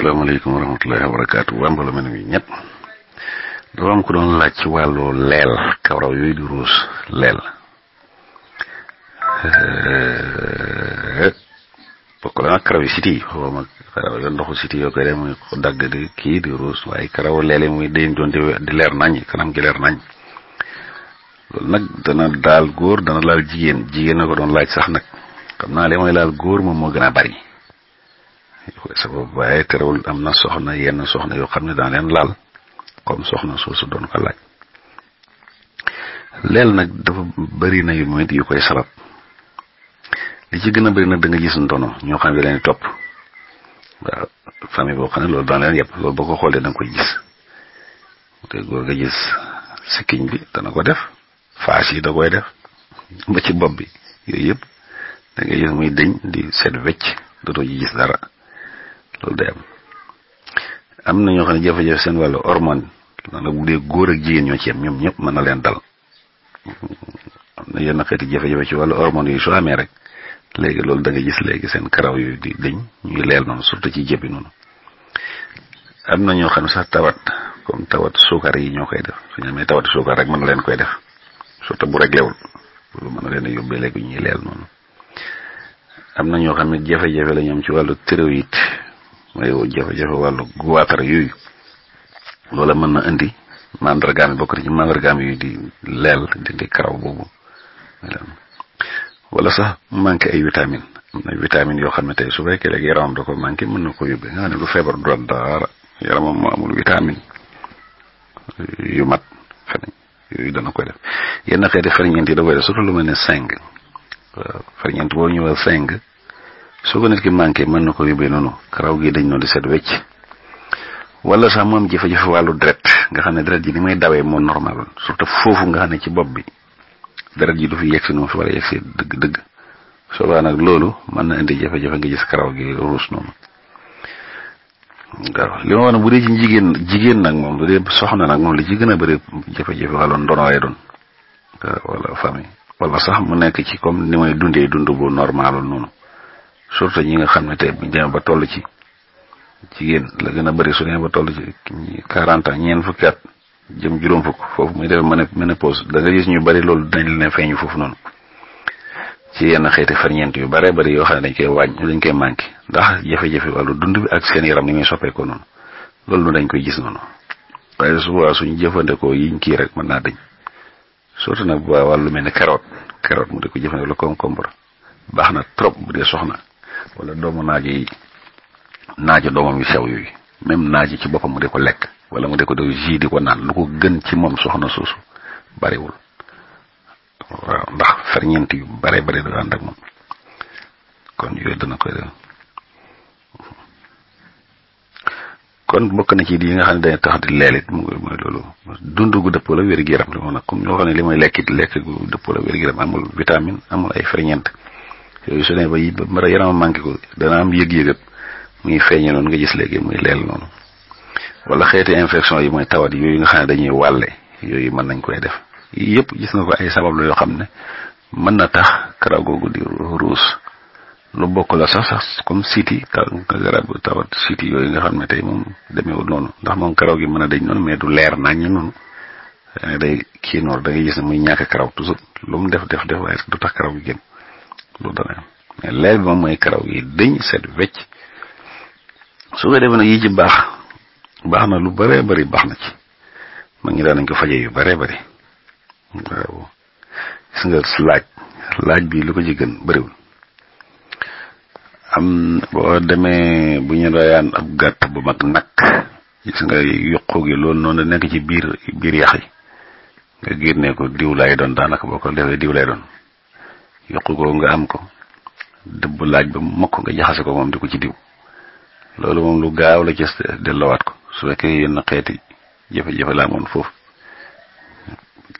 Assalamualaikum warahmatullahi wabarakatuh wa barakaatu waa mbala ñet doom ñett ko doon laaj ci wàllu leel kawraw yooyu di rus lel bokk la nag karaw yi siti ma karaw yoon ndoxu city yo ko dem ko dagg di ki di rus way karaw lele muy déyim doon di leer nañ kanam gi leer nañ nak dana dal gor dana lal jigen jigen na ko doon laaj sax nak xamna le moy lal gor góor mo gëna bari sa boobu waaye terewul am na soxna yenn soxna yoo xam ne daa leen laal comme soxna soosu doon ko laaj leel nag dafa bëri na yu mooy it yu koy sabab li ci gën a bëri nag da nga gis ndono ñoo xam ne leen topp waaw famille boo xam ne loolu daan leen yëpp loolu boo ko xoolee da nga koy gis te bi dana ko def faas yi da koy def ba ci bopp bi yooyu yëpp da nga gis muy dëñ di seet wecc dootoo ji gis dara loolu day am am na ñoo xamne jafé jafé seen walu hormone nana bu dee goor ak jigen ñoo ci am ñoom ñëpp mën na leen dal am na yeen xéti jafé jafé ci walu hormone yi so amé rek légui loolu da nga gis légui seen karaw yu di deñ ñuy leel non surtout ci jëbi non am na ñoo xamne sax tawat comme tawat suukar yi ñoo koy def su ñu tawat suukar rek man na leen koy def surtout bu rek lewul loolu man na leen a légui léegi ñuy leel non am na ñoo xamne jafé jafé la ñoom ci walu thyroïde mooy jafe-jafe wàllu guwaatar yooyu wala mën na indi mandargaam yi bokk na ci mandargaam yi di leel di karaw boobu wala sax manqué ay vitamine am na vitamine yoo xam ne tey su fekkee léegi yaramam da ko manqué mën na ko yóbbee nga xam ne du feebar du dara yaramam moo amul vitamine yu mat dana koy def yenn xeeti ferñeent yi da koy def surtout lu mel ne seng waaw ferñeent boo ñëwee seng su ko nit ki manke man na ko yóbbee noonu karaw gi dañ noonu di set wecc wala sax mu am jafe-jafe wàllu dret nga xam ne dret ji ni may dawee moo normal surtout foofu nga xam ne ci bopp bi dret ji du fi yegsi noonu fi war a yegsi dëgg dëgg ba nag loolu mën na indi jafe-jafe nga gis karaw gi ruus noonu waaw li ma wax bu dee ci jigéen jigéen nag moom bu dee soxna nag moom li ci gën a bëri jafe-jafe wala ndono doon wala famille wala sax mu nekk ci comme ni may dundee dund bu normal noonu surtout ñi nga xam ne tey bu ñu demee ba tollu ci jigéen la gën a bari su demee ba toll ci quarante ans jëm juróom fukk foofu muy def mën a ménopause da gis ñu bëri loolu dinañ leen foofu noonu ci yenn xeeti ferñeent yu bare bëri yoo xam ne dañ koy wàññi dañ koy manqué ndax jafe dund bi ak seen yaram ni muy soppeekoo noonu loolu dañ koy gis noonu waaye souvent suñu jëfandikoo yiñ kii rek mën naa dañ surtout nag bu wàllu mel ne carotte carotte mu di ko jëfandikoo comme koombar baax na trop bu dee soxna. wala doomu naajo yi naajo doomam yu sew yooyu même naajo ci boppam mu de ko lekk wala mu di ko def jus di ko naan lu ko gën ci moom soxna suusu bariwul waaw ndax ferñeent yu bare bari du ànd ak moom kon yooyu na ci yi nga xam ne dañuy tax di leelit mu mooy loolu dund gu dëppoo la wér gu li moom nag comme ñoo xam ne li mooy lekkit lekk gu dëppoo la wér gu amul vitamine amul ay ferñeent su ne ba mara yaram manqué ko dana am yëg-yëgat muy feeñe noonu nga gis léegi muy leel noonu wala xeeti infection yi mooy tawat yooyu nga xam ne dañuy wàlle yooyu mën nañ koy def yëpp gis nga ko ay sabab la yoo xam ne mën na tax karaw googu di ruus lu bokk la sax sax comme siti garab tawat siti yooyu nga xam ne tey moom demeewul noonu ndax moom karaw gi mën a dañ noonu mais du leer nañ ñu noonu eh, day kii noor da ngay gis ne muy ñàkk karaw toujours lu mu def def def waaye du tax karaw gi lu dara mais leer ba moy karaw yi deñ set wécc su nga defee na yi ci bax baax na lu bare bari baax na ci ma ngi daanañ nga faje yu bare bari waaw gis nga laaj laaj bi lu ko ci gën wul am bo démé bu ñu rayaan ab gatt bu mag nak gis nga yokku gi loolu noonu nekk ci biir biir yaxi yi nga génne ko diw lay don danaka boko ko diw lay don yokugo nga am ko debbu laaj ba makko nga jaxase ko mom diko ci diw lolu mom lu gaaw la ci lawat ko su fekke na xeti jefe jefe la mom fofu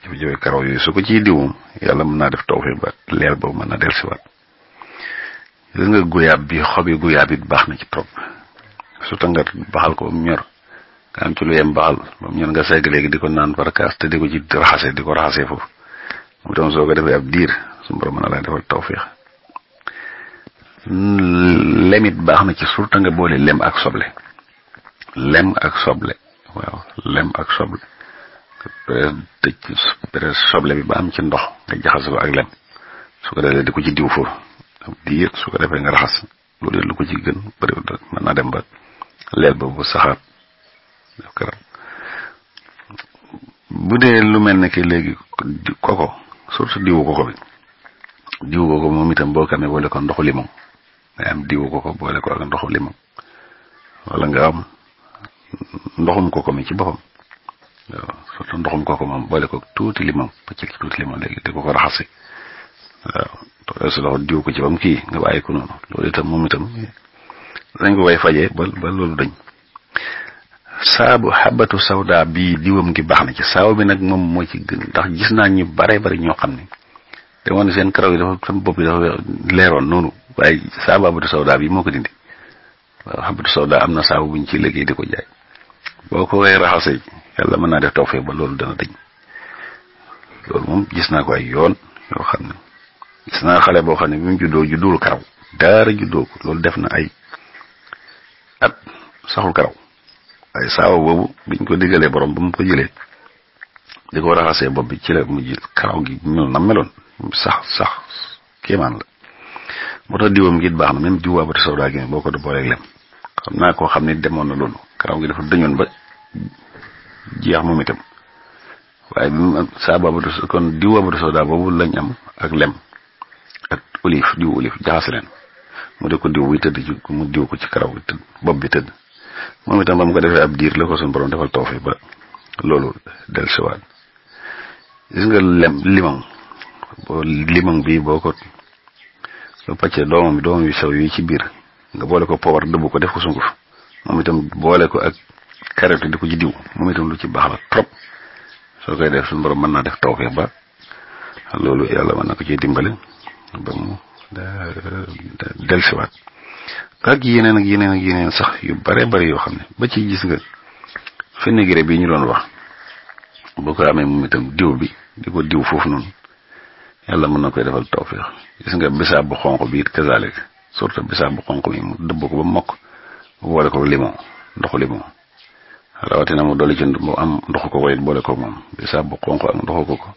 jafé jowe karaw yoy su ko ci diw yalla mën na def tawfi ba leer ba mën na del ci wat nga guyab bi xobi guyab it baxna ci top su tangat baxal ko ñor kan ci lu yem baal mom ñor nga segg legi diko naan barkas te diko ci raxase diko raxase fofu mu tam soo ko ab dir suñu borom mën na defal tawfiix lemit baax na ci surta nga boole lem ak soble lem ak soble waaw lem ak soble presse tëj presse soble bi ba am ci ndox nga jaxas ko ak lem su ko defee di ko ci diw foofu diir su ko defee nga raxas loolu yëpp lu ko ci gën bëri naa dem ba leel boobu saxaat bu dee lu mel ne que léegi koko surtout diwu koko bi diw ko ko moom itam boo ko amee boole ko ndoxu limon nga am diw ko ko boole ko ak ndoxu limon wala nga am ndoxum ko mi ci boppam waaw surtout ndoxum koko moom boole ko tuuti limon ba ci limon léegi di ko ko raxasi waaw toogal si loxo diw ko ci bam ki nga bàyyi ku noonu loolu itam moom itam dañ ko koy fajee ba ba loolu dañ. saabu xabatu sawda bii diwam gi baax na ci saabu bi nag moom mooy ci gën ndax gis naa ñu bare bari ñoo xam ne te woon seen karaw yi dafa sama bopp yi dafa leeroon noonu waaye saabu abatu sawda bi moo ko dindi waaw abatu sawda am na saabu buñ ciy liggéey di ko jaay boo ko koy raxasee yàlla mën naa def taw fee ba loolu dana dañ loolu moom gis naa ko ay yoon yoo xam ne gis naa xale boo xam ne bi mu juddoo judduwul karaw daara juddoo ko loolu def na ay at saxul karaw waaye saabu boobu biñ ko diggalee borom ba mu ko jëlee di ko raxasee bopp bi ci la mujj karaw gi mel na meloon sax sax kéemaan la moo tax diwam gi it baax na même diw abati sawda gi boo ko booleeg lem xam naa koo xam ne demoon na loolu karaw gi dafa dañoon ba jeex moom itam waaye bi mu saabu abati kon diw abati sawda boobu lañ am ak lem ak olive diw olive jaxase leen mu de ko diw buy tëdd ci mu diw ko ci karaw gi bi tëdd moom itam ba mu ko defee ab diir la ko suñu borom defal toofe ba loolu dellusiwaat gis nga lem bo limang bi boko lo pacce doomam bi doomam yu sew yi ci bir nga bolé ko power dëbb ko def ko sunguf mom itam bolé ko ak karatu diko ci diw mom itam lu ci bax la trop so koy def sun borom man na def tawfi ba lolu yalla man na ko ci dimbalé ba mu da del ci wat ak yeneen ak yeneen ak yeneen sax yu bare bare yo xam ba ci gis nga fenn bi ñu doon wax bu ko amé mom itam diw bi di ko diw foofu noonu yàlla mën na koy defal tawféex gis nga bisaab bu xonq bi it kazaalik surtout bisaab bu xonq bi mu dëbb ko ba mokk boole ko limon ndoxu limon rawatina mu dolli ci mu am ndoxu ko ko it boole ko moom bisaab bu xonq ak ndoxu ko ko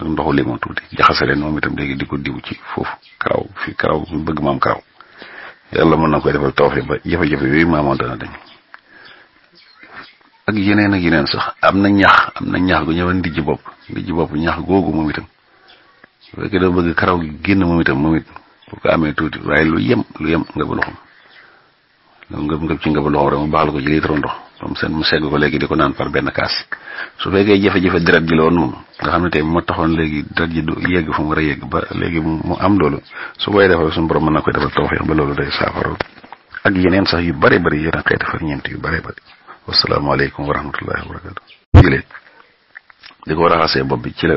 ak ndoxu limon tuuti jaxase leen moom itam léegi di ko diw ci foofu karaw fi karaw bëgg maam karaw yàlla mën na koy defal tawféex ba jafe-jafe yooyu maamoon dana ak yeneen ak yeneen sax am na ñax am na ñax gu ñëwoon ndijji bopp ndijji bopp ñax googu moom itam su fekkee doo bëgg karaw gi génn moom itam moom it ko amee tuuti waaye lu yem lu yem nga ba loxoom loolu ngëb ngëb ci nga ba loxoom rek mu baax la ko ci litre ndox mu segg ko léegi di ko naan par benn kaas su fekkee jafe-jafe deret ji la woon nga xam ne tey moo taxoon léegi deret ji du yegg fu mu war yegg ba léegi mu am loolu su koy defal su borom mën na koy defal tawfeex ba loolu day saafara ak yeneen sax yu bare bari yeneen xeeti far ñeent yu bare bari wasalaamaaleykum wa rahmatullahi wa barakatu jëlee di ko raxasee bopp bi ci la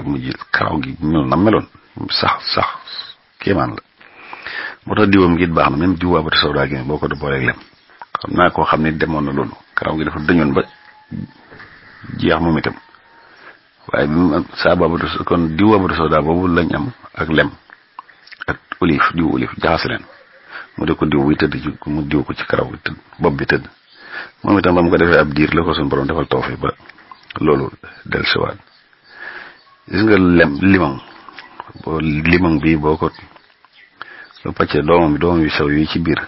karaw gi mel na meloon sax sax kéemaan la moo tax diwam gi it baax na même diw abati sawdaa gi boo ko du booleeg lem xam naa koo xam ne demoon na loolu karaw gi dafa dëñoon ba jeex waaye bi mu saa baabatu kon diw abati sawdaa boobu la am ak lem ak olif diw olif jaxase leen mu de ko diw buy mu diw ko ci karaw gi bopp bi tëdd moom itam ba mu ko defee ab diir la ko sun borom defal toofe ba loolu del siwaat gis nga lem limon bo limon bi boo ko lu pàccee doomam doomam yu sew yi ci biir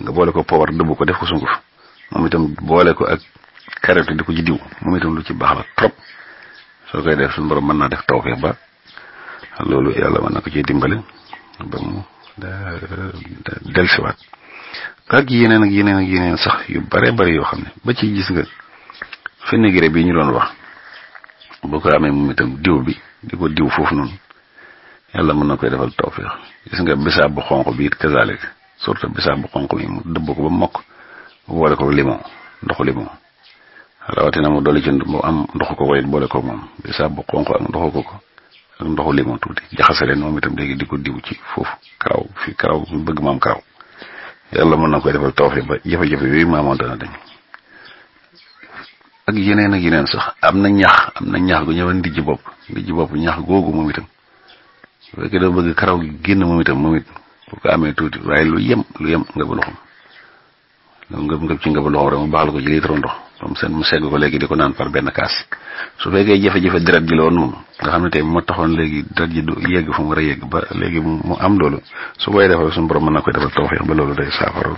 nga boole ko powar dubu ko def ko sunguf moom itam boole ko ak karatu di ko ci diw moom itam lu ci baax la trop soo koy def sun borom mën naa def tawfee ba loolu yàlla mën na ko ci dimbale ba mu delsiwaat ak yeneen ak yeneen ak yeneen sax yu bare bari yoo xam ne ba ci gis nga fenegré bi ñu doon wax boo ko amee moom itam diw bi di ko diw foofu noonu yàlla mën na koy defal tawféex gis nga bisaab bu xonq bi it kazaalik surtout bu xonq bi mu dëbb ko ba mokk boole ko limon ndoxu limon rawatina mu dolli ci mu am ndoxu ko ko it boole ko moom bisaab bu xonq ak ndoxu ko ko ak ndoxu limon tuuti jaxase leen moom itam léegi di ko diw ci foofu karaw fi karaw bëgg maam karaw yàlla mën na koy defal tawfeex ba jafe-jafe yooyu maamoon dana dañ ak yeneen ak yeneen sax am na ñax am na ñax gu ñëw ndijji bopp ndijji bopp ñax googu moom itam bu fekkee doo bëgg karaw gi génn moom itam moom it bu ko amee tuuti waaye lu yem lu yem nga ba loxoom ngëb ci nga ba loxoom rek mu baaxal ko ci litre ndox moom seen mu segg ko léegi di ko naan par benn kaas su fekkee jafe-jafe deret ji la woon nga xam ne tey moo taxoon léegi deret ji du yegg fu mu war a ba léegi mu am loolu su koy defal su borom mën na koy defal tawfeex ba loolu day saafara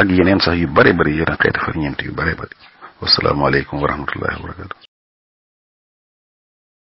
ak yeneen sax yu bare bari yeneen xeeti far ñeent yu bare bari wasalaamaaleykum wa rahmatullahi wa